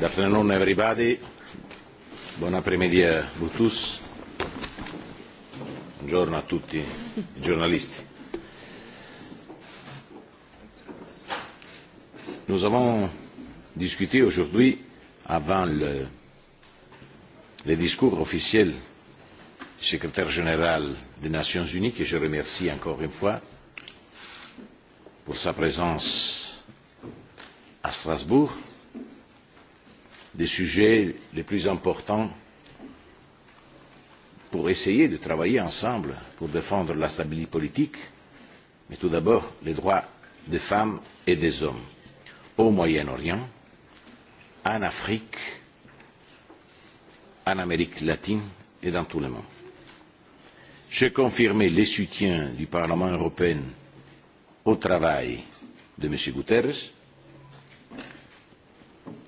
Good afternoon, everybody. Buon après-midi à vous tous. Buongiorno a tutti i giornalisti. Nous avons discuté aujourd'hui, avant le discours officiel du secrétaire général des Nations Unies, que je remercie encore une fois pour sa présence à Strasbourg, des sujets les plus importants pour essayer de travailler ensemble pour défendre la stabilité politique, mais tout d'abord les droits des femmes et des hommes au Moyen-Orient, en Afrique, en Amérique latine et dans tout le monde. J'ai confirmé les soutiens du Parlement européen au travail de M. Guterres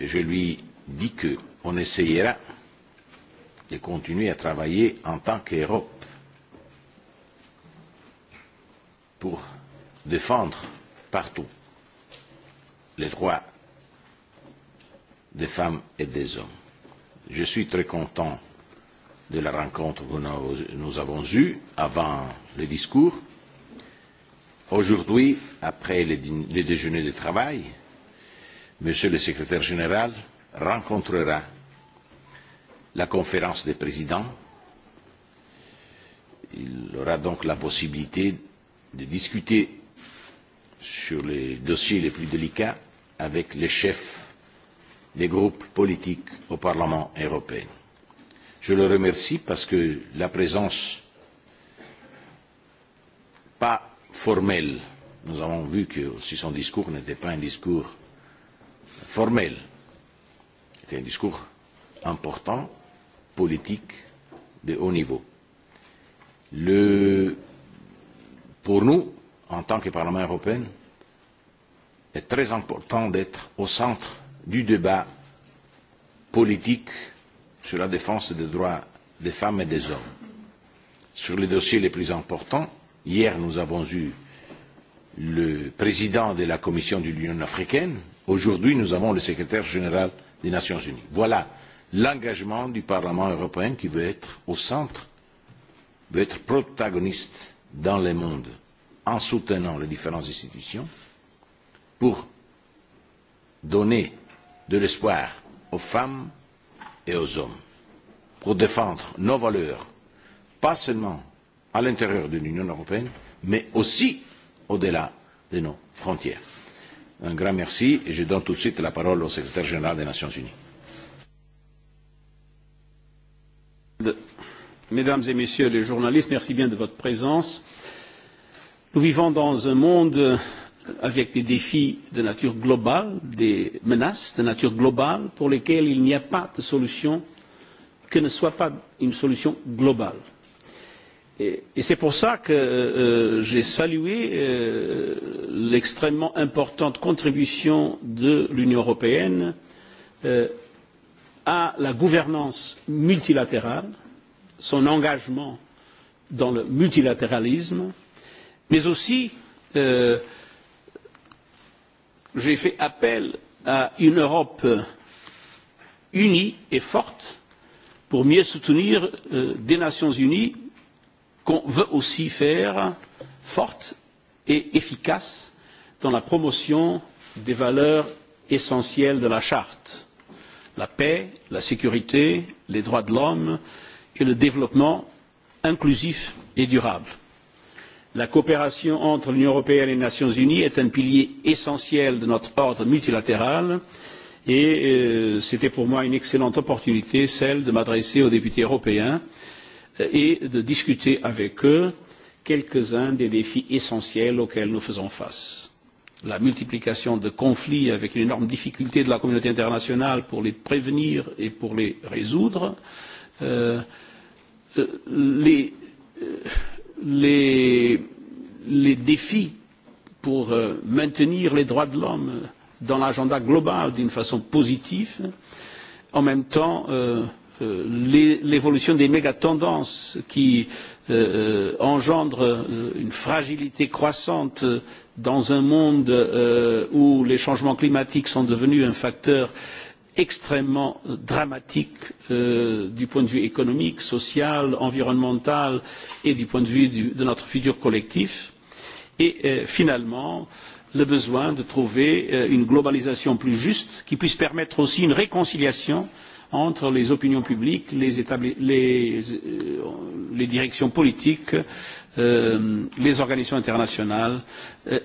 et je lui dit qu'on essayera de continuer à travailler en tant qu'Europe pour défendre partout les droits des femmes et des hommes. Je suis très content de la rencontre que nous avons eue avant le discours. Aujourd'hui, après le déjeuner de travail, Monsieur le secrétaire général rencontrera la conférence des présidents. Il aura donc la possibilité de discuter sur les dossiers les plus délicats avec les chefs des groupes politiques au Parlement européen. Je le remercie parce que la présence pas formelle, nous avons vu que si son discours n'était pas un discours formel, C'était un discours important, politique, de haut niveau. Pour nous, en tant que Parlement européen, il est très important d'être au centre du débat politique sur la défense des droits des femmes et des hommes. Sur les dossiers les plus importants, hier nous avons eu le président de la Commission de l'Union africaine, aujourd'hui nous avons le secrétaire général des Nations Unies. Voilà l'engagement du Parlement européen qui veut être au centre, veut être protagoniste dans le monde en soutenant les différentes institutions pour donner de l'espoir aux femmes et aux hommes, pour défendre nos valeurs, pas seulement à l'intérieur de l'Union européenne, mais aussi au-delà de nos frontières. Un grand merci et je donne tout de suite la parole au secrétaire général des Nations Unies. Mesdames et Messieurs les journalistes, merci bien de votre présence. Nous vivons dans un monde avec des défis de nature globale, des menaces de nature globale pour lesquelles il n'y a pas de solution que ne soit pas une solution globale et c'est pour cela que j'ai salué l'extrêmement importante contribution de l'union européenne à la gouvernance multilatérale son engagement dans le multilatéralisme mais aussi j'ai fait appel à une europe unie et forte pour mieux soutenir des nations unies qu'on veut aussi faire forte et efficace dans la promotion des valeurs essentielles de la charte la paix la sécurité les droits de l'homme et le développement inclusif et durable. la coopération entre l'union européenne et les nations unies est un pilier essentiel de notre ordre multilatéral et c'était pour moi une excellente opportunité celle de m'adresser aux députés européens et de discuter avec eux quelques-uns des défis essentiels auxquels nous faisons face. La multiplication de conflits avec une énorme difficulté de la communauté internationale pour les prévenir et pour les résoudre. Les défis pour maintenir les droits de l'homme dans l'agenda global d'une façon positive. En même temps, l'évolution des méga-tendances qui engendrent une fragilité croissante dans un monde où les changements climatiques sont devenus un facteur extrêmement dramatique du point de vue économique, social, environnemental et du point de vue de notre futur collectif. Et finalement, le besoin de trouver une globalisation plus juste qui puisse permettre aussi une réconciliation entre les opinions publiques, les directions politiques, les organisations internationales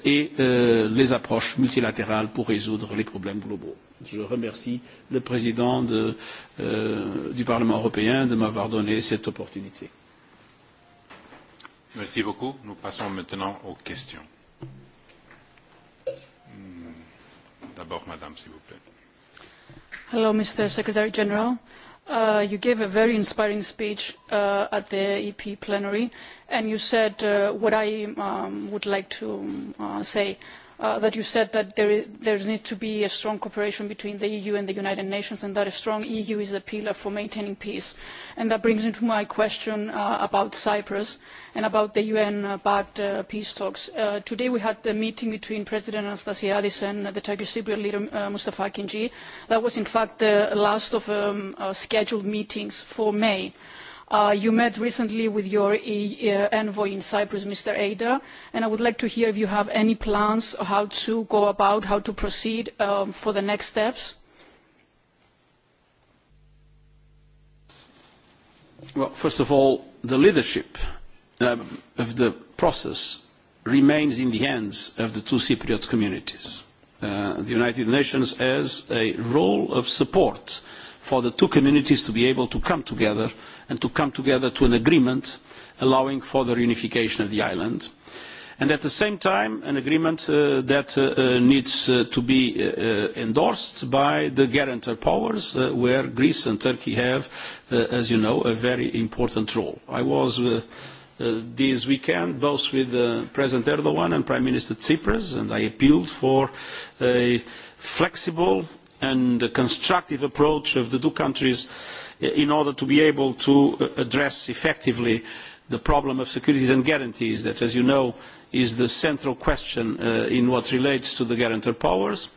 et les approches multilatérales pour résoudre les problèmes globaux. Je remercie le président du Parlement européen de m'avoir donné cette opportunité. Merci beaucoup. Nous passons maintenant aux questions. D'abord, madame, s'il vous plaît. Hello, Mr. Secretary General. You gave a very inspiring speech at the EP plenary, and you said what I would like to say that you said that there needs to be a strong cooperation between the EU and the United Nations and that a strong EU is a pillar for maintaining peace. And that brings me to my question about Cyprus and about the UN-backed peace talks. Today we had the meeting between President Anastasiades and the Turkish Cypriot leader Mustafa Akinci. That was in fact the last of scheduled meetings for May. You met recently with your envoy in Cyprus, Mr. Ada, and I would like to hear if you have any plans how to go about, how to proceed for the next steps. Well, first of all, the leadership of the process remains in the hands of the two Cypriot communities. The United Nations has a role of support for the two communities to be able to come together and to come together to an agreement allowing for the reunification of the island. And at the same time, an agreement that needs to be endorsed by the guarantor powers, where Greece and Turkey have, as you know, a very important role. I was this weekend both with President Erdogan and Prime Minister Tsipras, and I appealed for a flexible and constructive approach of the two countries in order to be able to address effectively the problem of securities and guarantees that, as you know, is the central question in what relates to the guarantor powers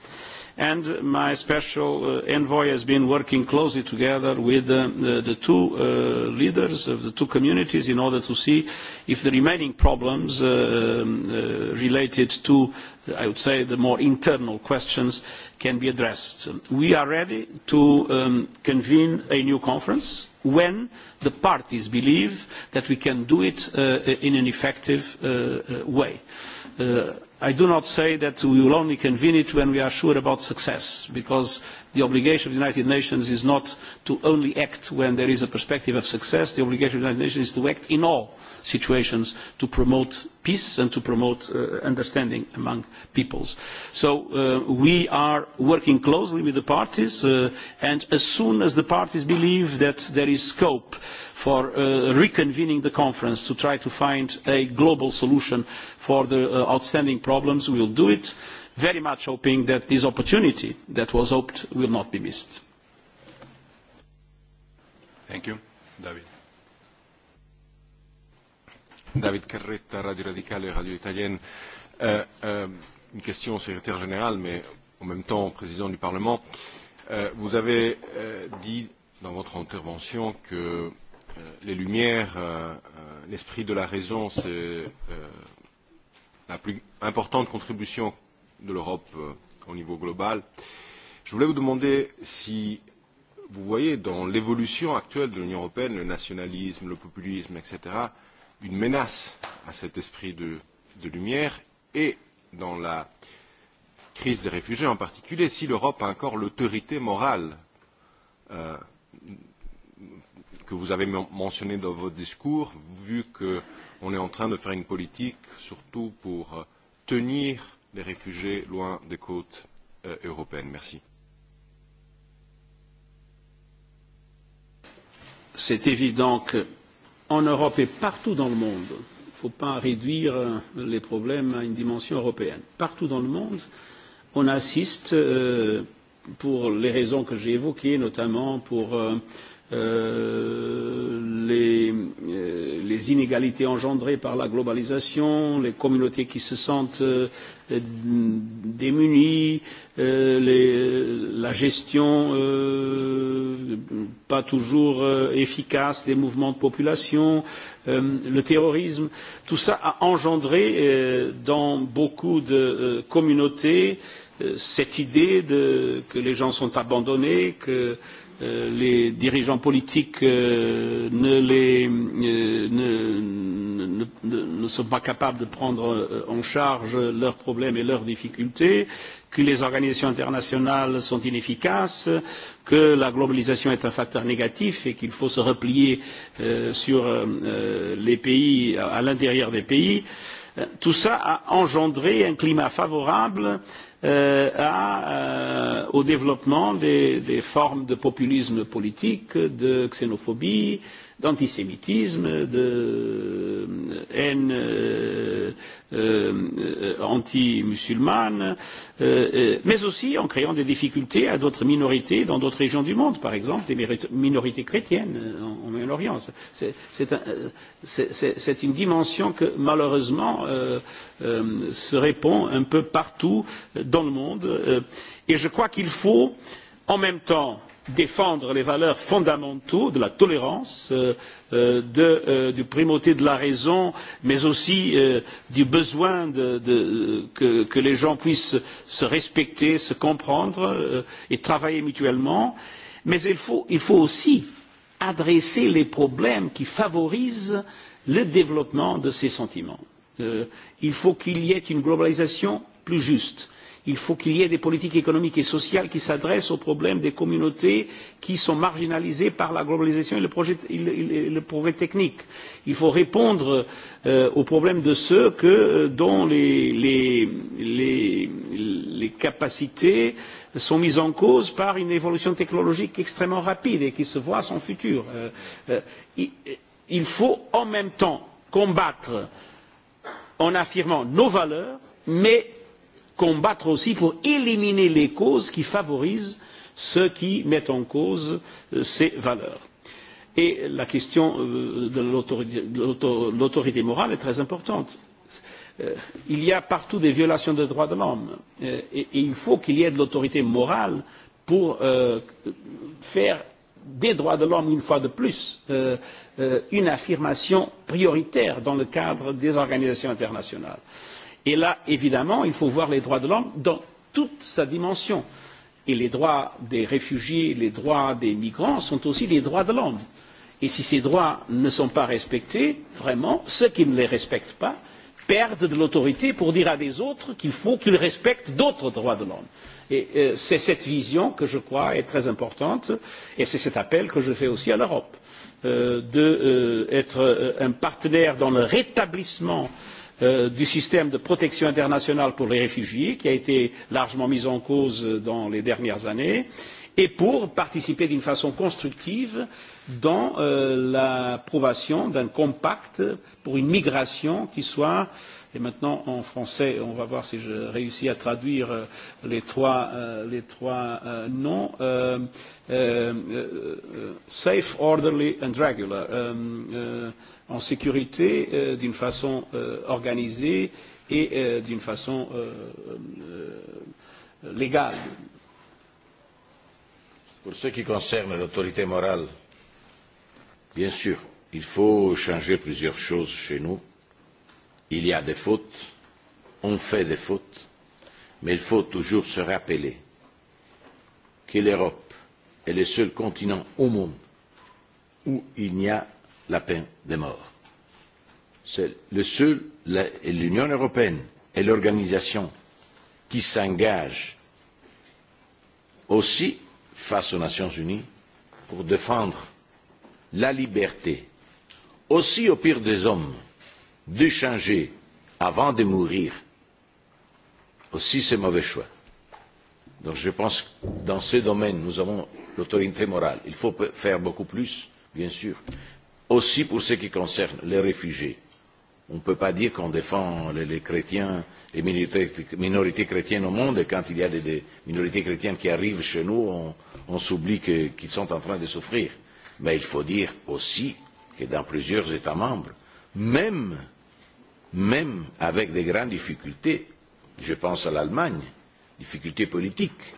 and my special envoy has been working closely together with the two leaders of the two communities in order to see if the remaining problems related to I would say the more internal questions can be addressed. We are ready to convene a new conference when the parties believe that we can do it in an effective way. I do not say that we will only convene it when we are sure about success, because The obligation of the United Nations is not to only act when there is a perspective of success. The obligation of the United Nations is to act in all situations to promote peace and to promote understanding among peoples. So we are working closely with the parties and as soon as the parties believe that there is scope for reconvening the conference to try to find a global solution for the outstanding problems, we will do it very much hoping that this opportunity that was hoped will not be missed. Thank you. David. David Carretta, Radio Radicale et Radio Italienne. Une question au secrétaire général, mais en même temps au président du Parlement. Vous avez dit dans votre intervention que les Lumières, l'esprit de la raison, c'est la plus importante contribution de l'Europe au niveau global. Je voulais vous demander si vous voyez dans l'évolution actuelle de l'Union européenne, le nationalisme, le populisme, etc., une menace à cet esprit de lumière et dans la crise des réfugiés en particulier, si l'Europe a encore l'autorité morale que vous avez mentionné dans votre discours, vu qu'on est en train de faire une politique surtout pour tenir les réfugiés loin des côtes européennes. Merci. C'est évident qu'en Europe et partout dans le monde, il ne faut pas réduire les problèmes à une dimension européenne. Partout dans le monde, on assiste, pour les raisons que j'ai évoquées, notamment pour les inégalités engendrées par la globalisation, les communautés qui se sentent démunies, la gestion pas toujours efficace des mouvements de population, le terrorisme, tout cela a engendré dans beaucoup de communautés cette idée que les gens sont abandonnés, que les dirigeants politiques ne ne sont pas capables de prendre en charge leurs problèmes et leurs difficultés, que les organisations internationales sont inefficaces, que la globalisation est un facteur négatif et qu'il faut se replier sur les pays, à l'intérieur des pays. Tout cela a engendré un climat favorable au développement des formes de populisme politique, de xénophobie, d'antisémitisme, de haine anti-musulmane, mais aussi en créant des difficultés à d'autres minorités dans d'autres régions du monde, par exemple des minorités chrétiennes en Moyen-Orient. C'est une dimension que malheureusement se répand un peu partout dans le monde et je crois qu'il faut en même temps défendre les valeurs fondamentaux de la tolérance, du primauté de la raison, mais aussi du besoin que les gens puissent se respecter, se comprendre et travailler mutuellement. Mais il faut aussi adresser les problèmes qui favorisent le développement de ces sentiments. Il faut qu'il y ait une globalisation plus juste. Il faut qu'il y ait des politiques économiques et sociales qui s'adressent aux problèmes des communautés qui sont marginalisées par la globalisation et le progrès technique. Il faut répondre aux problèmes de ceux dont les capacités sont mises en cause par une évolution technologique extrêmement rapide et qui se voit son futur. Il faut en même temps combattre en affirmant nos valeurs, mais combattre aussi pour éliminer les causes qui favorisent ceux qui mettent en cause ces valeurs. Et la question de l'autorité morale est très importante. Il y a partout des violations des droits de l'homme et il faut qu'il y ait de l'autorité morale pour faire des droits de l'homme, une fois de plus, une affirmation prioritaire dans le cadre des organisations internationales. Et là, évidemment, il faut voir les droits de l'homme dans toute sa dimension. Et les droits des réfugiés, les droits des migrants sont aussi les droits de l'homme. Et si ces droits ne sont pas respectés, vraiment, ceux qui ne les respectent pas perdent de l'autorité pour dire à des autres qu'il faut qu'ils respectent d'autres droits de l'homme. Et c'est cette vision que je crois est très importante et c'est cet appel que je fais aussi à l'Europe d'être un partenaire dans le rétablissement du système de protection internationale pour les réfugiés, qui a été largement mis en cause dans les dernières années, et pour participer d'une façon constructive dans l'approbation d'un compact pour une migration qui soit et maintenant en français on va voir si je réussis à traduire les trois les trois noms safe orderly and regular en sécurité d'une façon organisée et d'une façon légale. Pour ce qui concerne l'autorité morale, bien sûr, il faut changer plusieurs choses chez nous. Il y a des fautes, on fait des fautes, mais il faut toujours se rappeler que l'Europe est le seul continent au monde où il n'y a la peine de mort. C'est le seul, l'Union européenne est l'organisation qui s'engage aussi face aux Nations unies pour défendre la liberté, aussi au pire des hommes, de changer avant de mourir aussi ces mauvais choix. Donc je pense que dans ce domaine, nous avons l'autorité morale. Il faut faire beaucoup plus, bien sûr, aussi pour ce qui concerne les réfugiés. On ne peut pas dire qu'on défend les chrétiens, les minorités chrétiennes au monde, et quand il y a des minorités chrétiennes qui arrivent chez nous, on s'oublie qu'ils sont en train de souffrir. Mais il faut dire aussi que dans plusieurs États membres, même avec des grandes difficultés, je pense à l'Allemagne, difficultés politiques,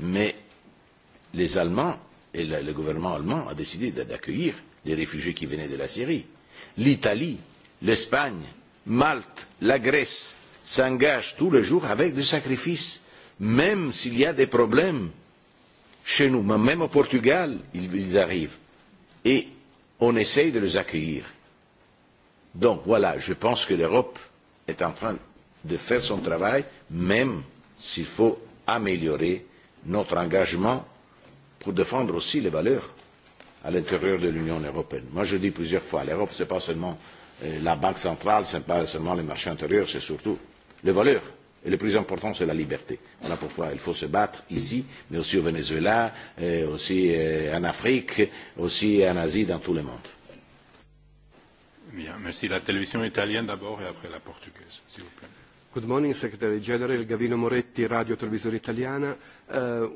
mais les Allemands et le gouvernement allemand ont décidé d'accueillir les réfugiés qui venaient de la Syrie. L'Italie, l'Espagne, Malte, la Grèce s'engagent tous les jours avec des sacrifices, même s'il y a des problèmes chez nous, même au Portugal, ils arrivent et on essaye de les accueillir. Donc voilà, je pense que l'Europe est en train de faire son travail, même s'il faut améliorer notre engagement pour défendre aussi les valeurs à l'intérieur de l'Union européenne. Moi, je dis plusieurs fois, l'Europe, ce n'est pas seulement la banque centrale, ce n'est pas seulement les marchés intérieurs, c'est surtout les valeurs. Et le plus important, c'est la liberté. Voilà pourquoi il faut se battre ici, mais aussi au Venezuela, aussi en Afrique, aussi en Asie, dans tout le monde. merci. La télévision italienne d'abord et après la portugaise, s'il vous plaît. Good morning, Secretary General Gavino Moretti, Radio Televisore Italiana.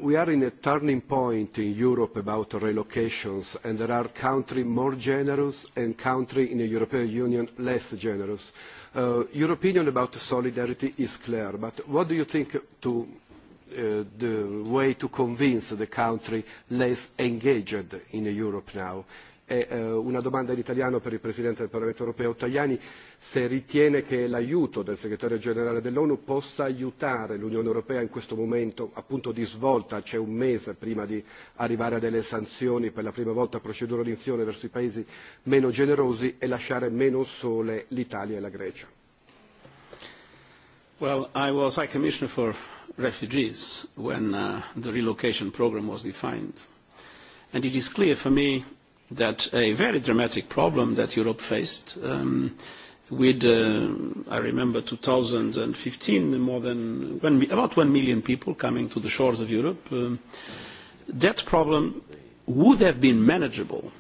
We are in a turning point in Europe about relocations, and there are countries more generous and countries in the European Union less generous. Your opinion about solidarity is clear, but what do you think to the way to convince the country less engaged in Europe now? È una domanda in italiano per il Presidente del Parlamento europeo Tajani se ritiene che l'aiuto del Segretario Generale dell'ONU possa aiutare l'Unione Europea in questo momento appunto di svolta, c'è un mese prima di arrivare a delle sanzioni per la prima volta procedura di inzione verso i paesi meno generosi e lasciare meno sole l'Italia e la Grecia. Well, I was High Commissioner for Refugees when the relocation program was defined. And it is clear for me that a very dramatic problem that Europe faced with, I remember 2015, more than about 1 million people coming to the shores of Europe, that problem would have been manageable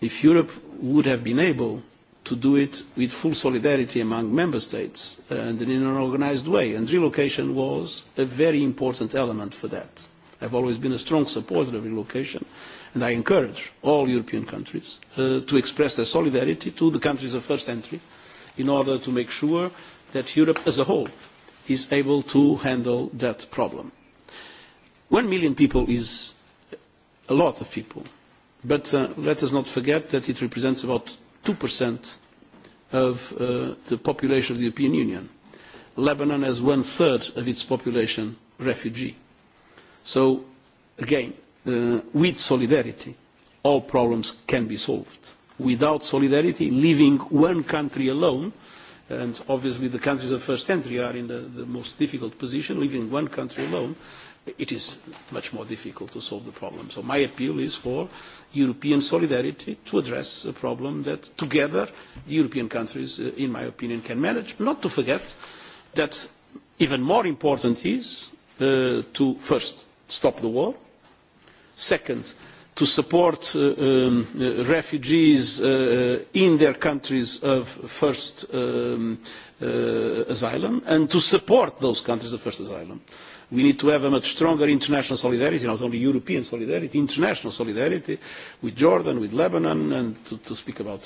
if Europe would have been able to do it with full solidarity among member states and in an organized way. And relocation was a very important element for that. I've always been a strong supporter of relocation and I encourage all European countries to express their solidarity to the countries of first entry in order to make sure that Europe as a whole is able to handle that problem. One million people is a lot of people, but let us not forget that it represents about 2% of the population of the European Union. Lebanon has one-third of its population refugee. So, again, with solidarity all problems can be solved. Without solidarity, leaving one country alone, and obviously the countries of first entry are in the most difficult position, leaving one country alone, it is much more difficult to solve the problem. So my appeal is for European solidarity to address a problem that together the European countries, in my opinion, can manage. Not to forget that even more important is to first stop the war Second, to support refugees in their countries of first asylum and to support those countries of first asylum. We need to have a much stronger international solidarity, not only European solidarity, international solidarity with Jordan, with Lebanon, and to speak about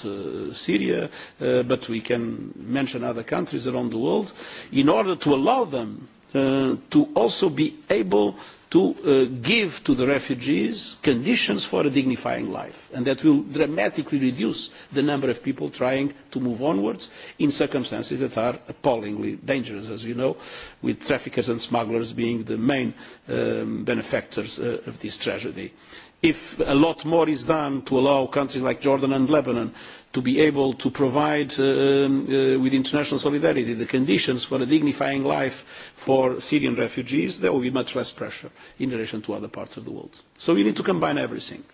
Syria, but we can mention other countries around the world, in order to allow them to also be able to give to the refugees conditions for a dignifying life. And that will dramatically reduce the number of people trying to move onwards in circumstances that are appallingly dangerous, as you know, with traffickers and smugglers being the main benefactors of this tragedy if a lot more is done to allow countries like Jordan and Lebanon to be able to provide with international solidarity the conditions for a dignifying life for Syrian refugees, there will be much less pressure in relation to other parts of the world. So we need to combine everything.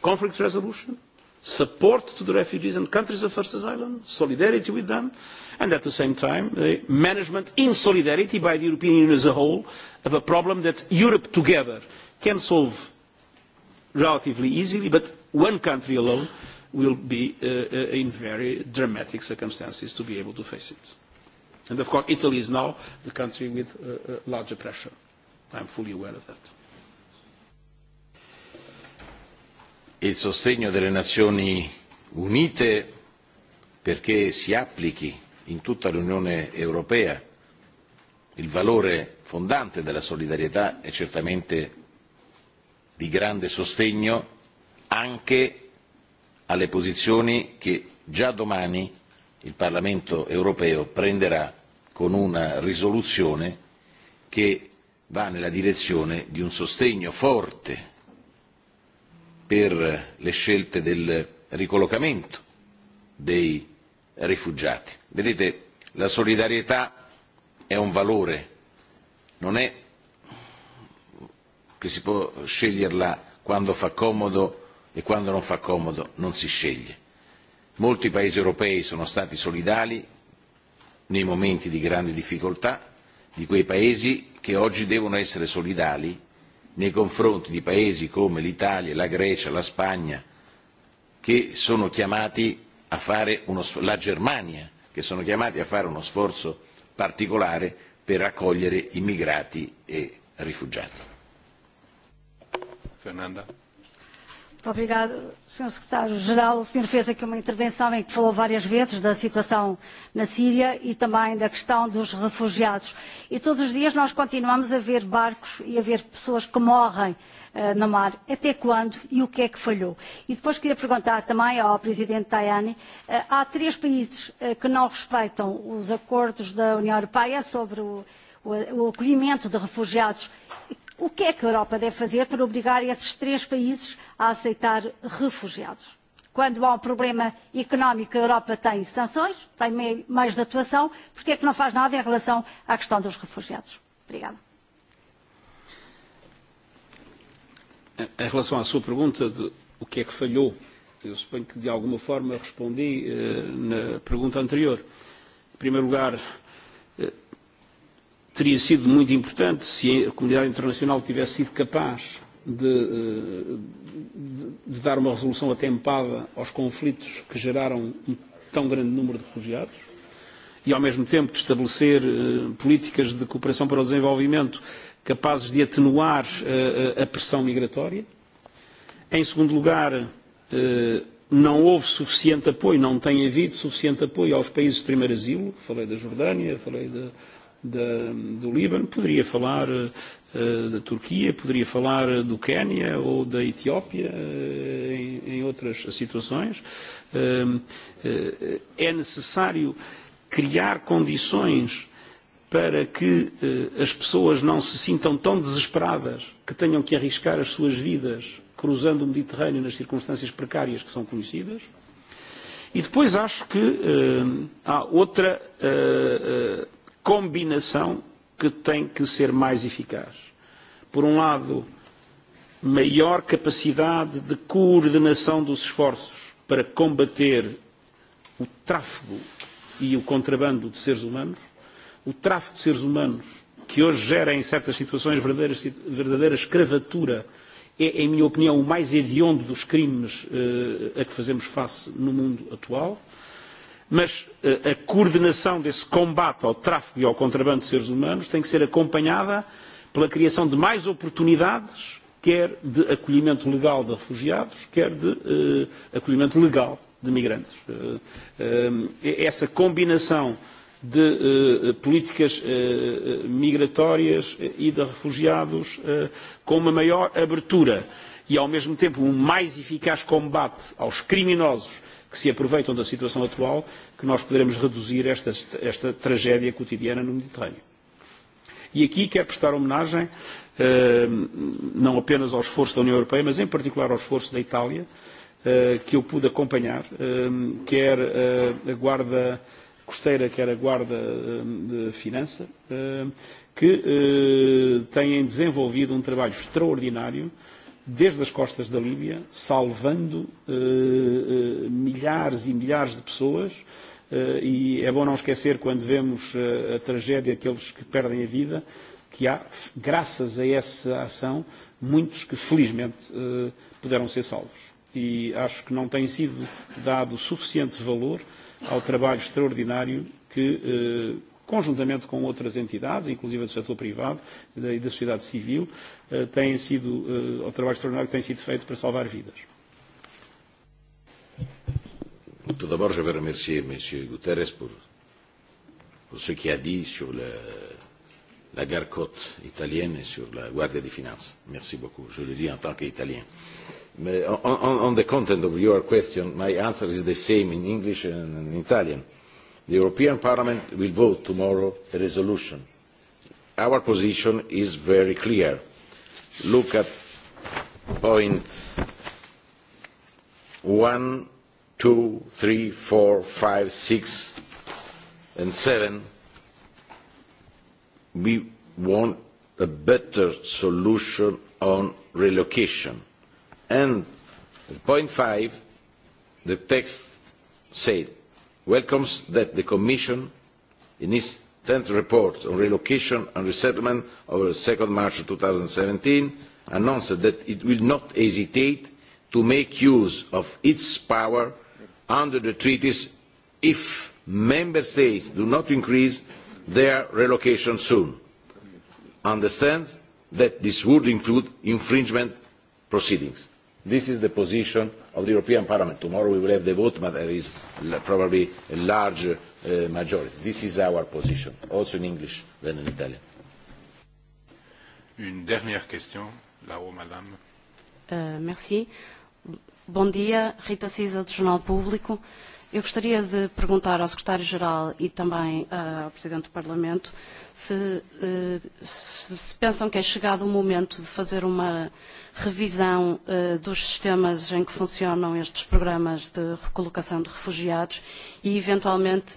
Conflict resolution, support to the refugees and countries of first asylum, solidarity with them, and at the same time, the management in solidarity by the European Union as a whole of a problem that Europe together can solve relatively easily, but one country alone will be in very dramatic circumstances to be able to face it. And of course, Italy is now the country with larger pressure. I am fully aware of that. il sostegno delle Nazioni Unite perché si applichi in tutta l'Unione europea il valore fondante della solidarietà è certamente di grande sostegno anche alle posizioni che già domani il Parlamento europeo prenderà con una risoluzione che va nella direzione di un sostegno forte per le scelte del ricollocamento dei rifugiati. Vedete, la solidarietà è un valore, non è che si può sceglierla quando fa comodo e quando non fa comodo non si sceglie. Molti Paesi europei sono stati solidali nei momenti di grande difficoltà di quei Paesi che oggi devono essere solidali nei confronti di paesi come l'Italia, la Grecia, la Spagna, che sono chiamati a fare uno, la Germania, che sono chiamati a fare uno sforzo particolare per accogliere immigrati e rifugiati. Obrigado, Sr. Secretário-Geral. O senhor fez aqui uma intervenção em que falou várias vezes da situação na Síria e também da questão dos refugiados. E todos os dias nós continuamos a ver barcos e a ver pessoas que morrem no mar. Até quando e o que é que falhou? E depois queria perguntar também ao Presidente Tajani. Há três países que não respeitam os acordos da União Europeia sobre o acolhimento de refugiados O que é que a Europa deve fazer para obrigar esses três países a aceitar refugiados? Quando há um problema económico, a Europa tem sanções, tem mais de atuação. Porquê é que não faz nada em relação à questão dos refugiados? Obrigada. Em relação à sua pergunta de o que é que falhou, eu suponho que de alguma forma respondi na pergunta anterior. Em primeiro lugar, teria sido muito importante se a comunidade internacional tivesse sido capaz de, de dar uma resolução atempada aos conflitos que geraram um tão grande número de refugiados e, ao mesmo tempo, de estabelecer políticas de cooperação para o desenvolvimento capazes de atenuar a pressão migratória. Em segundo lugar, não houve suficiente apoio, não tem havido suficiente apoio aos países de primeiro asilo. Falei da Jordânia, falei da, do Líbano, poderia falar da Turquia, poderia falar do Quênia ou da Etiópia em outras situações. É necessário criar condições para que as pessoas não se sintam tão desesperadas que tenham que arriscar as suas vidas cruzando o Mediterrâneo nas circunstâncias precárias que são conhecidas. E depois acho que há outra combinação que tem que ser mais eficaz. Por um lado, maior capacidade de coordenação dos esforços para combater o tráfego e o contrabando de seres humanos, o tráfego de seres humanos, que hoje gera em certas situações verdadeira escravatura, é, em minha opinião, o mais hediondo dos crimes a que fazemos face no mundo atual. Mas a coordenação desse combate ao tráfico e ao contrabando de seres humanos tem que ser acompanhada pela criação de mais oportunidades, quer de acolhimento legal de refugiados, quer de acolhimento legal de migrantes. Essa combinação de políticas migratórias e de refugiados com uma maior abertura e, ao mesmo tempo, um mais eficaz combate aos criminosos que se aproveitam da situação atual, que nós poderemos reduzir esta, esta tragédia cotidiana no Mediterrâneo. E aqui quero prestar homenagem não apenas ao esforço da União Europeia, mas em particular ao esforço da Itália, que eu pude acompanhar, quer a Guarda Costeira, quer a Guarda de Finança, que têm desenvolvido um trabalho extraordinário desde as costas da Líbia, salvando milhares e milhares de pessoas. E é bom não esquecer, quando vemos a tragédia daqueles que perdem a vida, que há, graças a essa ação, muitos que felizmente puderam ser salvos. E acho que não tem sido dado suficiente valor ao trabalho extraordinário que conjuntamente com outras entidades, inclusive do setor privado e da sociedade civil, têm sido, o trabalho extraordinário que tem sido feito para salvar vidas. Tout d'abord, je veux remercier M. Guterres pour, pour ce qu'il a dit sur le, la garcote côte italienne et sur la Guardia di Finanza. Merci beaucoup. Je le dis en tant qu'Italien. On, on, on the content of your question, my answer is the same in English and in Italian The European Parliament will vote tomorrow a resolution. Our position is very clear. Look at point one, two, three, four, five, six and seven. We want a better solution on relocation. And at point five, the text said welcomes that the Commission, in its tenth report on relocation and resettlement of 2 March 2017, announced that it will not hesitate to make use of its power under the treaties if Member States do not increase their relocation soon. Understands that this would include infringement proceedings. This is the position of the European Parliament. Tomorrow we will have the vote, but there is probably a large majority. This is our position, also in English than in Italian. Une dernière question, là-haut, madame. Merci. Bom dia, Rita Cisa, do Jornal Público. Eu gostaria de perguntar ao secretário-geral e também ao presidente do Parlamento se se pensam que é chegado o momento de fazer uma revisão dos sistemas em que funcionam estes programas de recolocação de refugiados e, eventualmente,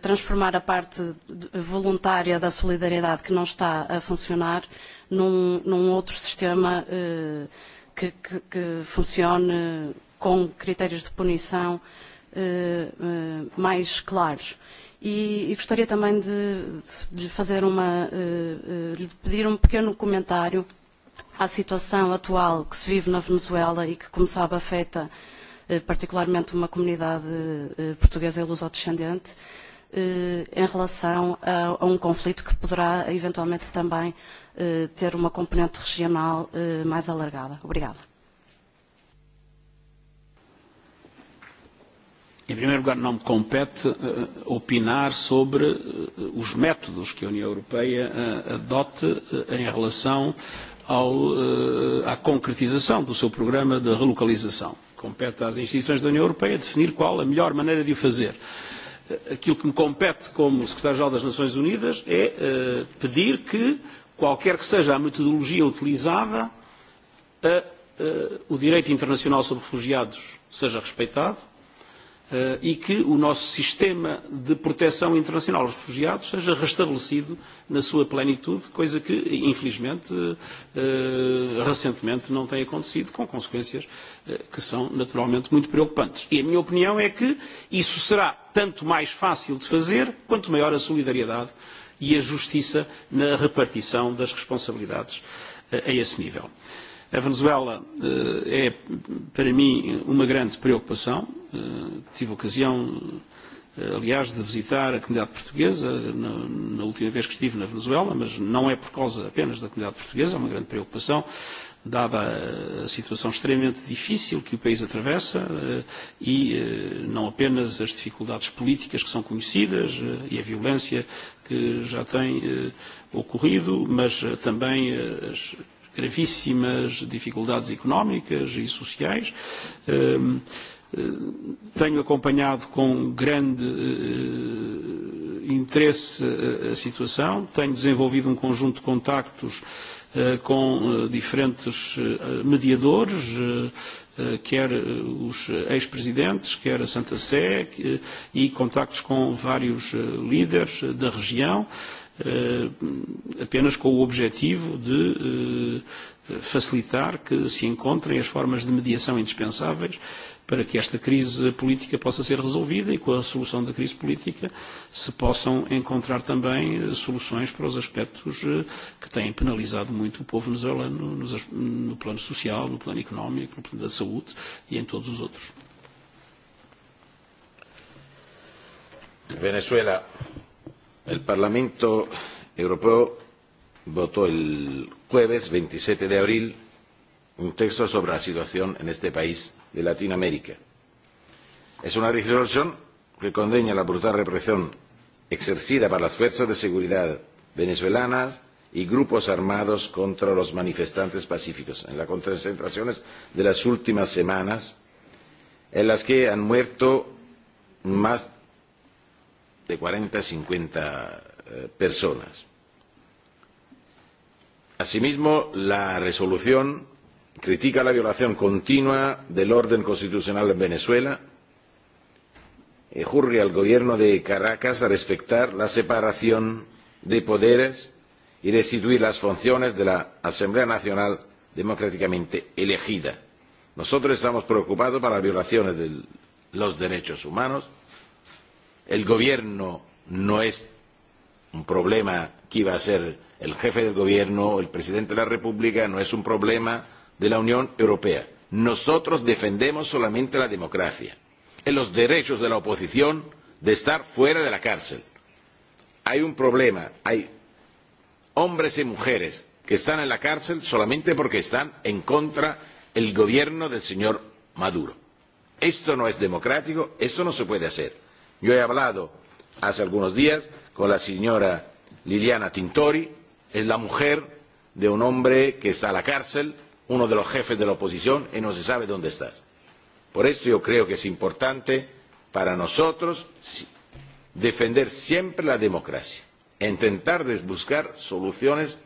transformar a parte voluntária da solidariedade que não está a funcionar num outro sistema que funcione com critérios de punição mais claros. E gostaria também de lhe fazer uma lhe pedir um pequeno comentário à situação atual que se vive na Venezuela e que, como sabe, afeta particularmente uma comunidade portuguesa ilusodescendente, em relação a um conflito que poderá, eventualmente, também ter uma componente regional mais alargada. Obrigada. Em primeiro lugar, não me compete opinar sobre os métodos que a União Europeia adote em relação à concretização do seu programa de relocalização. Compete às instituições da União Europeia definir qual a melhor maneira de o fazer. Aquilo que me compete como Secretário-Geral das Nações Unidas é pedir que, qualquer que seja a metodologia utilizada, o direito internacional sobre refugiados seja respeitado e que o nosso sistema de proteção internacional aos refugiados seja restabelecido na sua plenitude, coisa que, infelizmente, recentemente não tem acontecido, com consequências que são naturalmente muito preocupantes. E a minha opinião é que isso será tanto mais fácil de fazer quanto maior a solidariedade e a justiça na repartição das responsabilidades a esse nível. A Venezuela é, para mim, uma grande preocupação. Tive ocasião, aliás, de visitar a comunidade portuguesa na última vez que estive na Venezuela, mas não é por causa apenas da comunidade portuguesa, é uma grande preocupação, dada a situação extremamente difícil que o país atravessa e não apenas as dificuldades políticas que são conhecidas e a violência que já tem ocorrido, mas também as gravíssimas dificuldades económicas e sociais. Tenho acompanhado com grande interesse a situação, tenho desenvolvido um conjunto de contactos com diferentes mediadores, quer os ex-presidentes, quer a Santa Sé, e contactos com vários líderes da região apenas com o objetivo de facilitar que se encontrem as formas de mediação indispensáveis para que esta crise política possa ser resolvida e com a solução da crise política se possam encontrar também soluções para os aspectos que têm penalizado muito o povo venezuelano no plano social, no plano económico, no plano da saúde e em todos os outros. Venezuela El Parlamento Europeo votó el jueves 27 de abril un texto sobre la situación en este país de Latinoamérica. Es una resolución que condena la brutal represión ejercida por las fuerzas de seguridad venezolanas y grupos armados contra los manifestantes pacíficos en las concentraciones de las últimas semanas, en las que han muerto más de 40 a 50 personas. Asimismo, la resolución critica la violación continua del orden constitucional en Venezuela y al gobierno de Caracas a respetar la separación de poderes y destituir las funciones de la Asamblea Nacional democráticamente elegida. Nosotros estamos preocupados por las violaciones de los derechos humanos el gobierno no es un problema que iba a ser el jefe del gobierno o el presidente de la república no es un problema de la unión europea nosotros defendemos solamente la democracia y los derechos de la oposición de estar fuera de la cárcel. hay un problema hay hombres y mujeres que están en la cárcel solamente porque están en contra del gobierno del señor maduro. esto no es democrático esto no se puede hacer. Yo he hablado hace algunos días con la señora Liliana Tintori, es la mujer de un hombre que está a la cárcel, uno de los jefes de la oposición, y no se sabe dónde está. Por esto yo creo que es importante para nosotros defender siempre la democracia, intentar buscar soluciones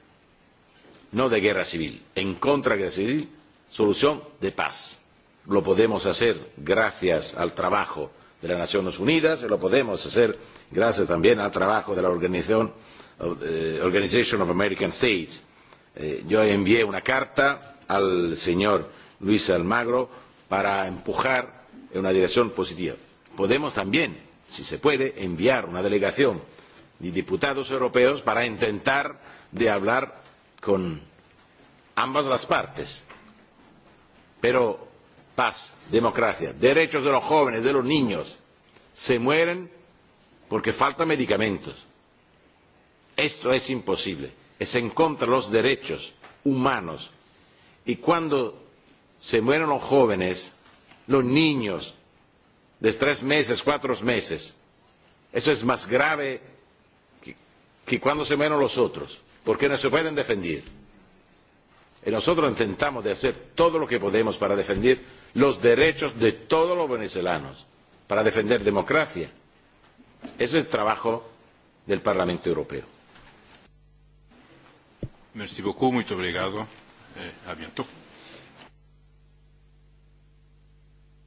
no de guerra civil, en contra de guerra civil, solución de paz. Lo podemos hacer gracias al trabajo de las Naciones Unidas, y lo podemos hacer gracias también al trabajo de la Organization of American States. Yo envié una carta al señor Luis Almagro para empujar en una dirección positiva. Podemos también, si se puede, enviar una delegación de diputados europeos para intentar de hablar con ambas las partes. Pero paz, democracia, derechos de los jóvenes, de los niños, se mueren porque faltan medicamentos. Esto es imposible, es en contra de los derechos humanos. Y cuando se mueren los jóvenes, los niños, de tres meses, cuatro meses, eso es más grave que cuando se mueren los otros, porque no se pueden defender. Y nosotros intentamos de hacer todo lo que podemos para defender los derechos de todos los venezolanos para defender democracia. Ese es el trabajo del Parlamento Europeo. Merci beaucoup, obrigado. Eh,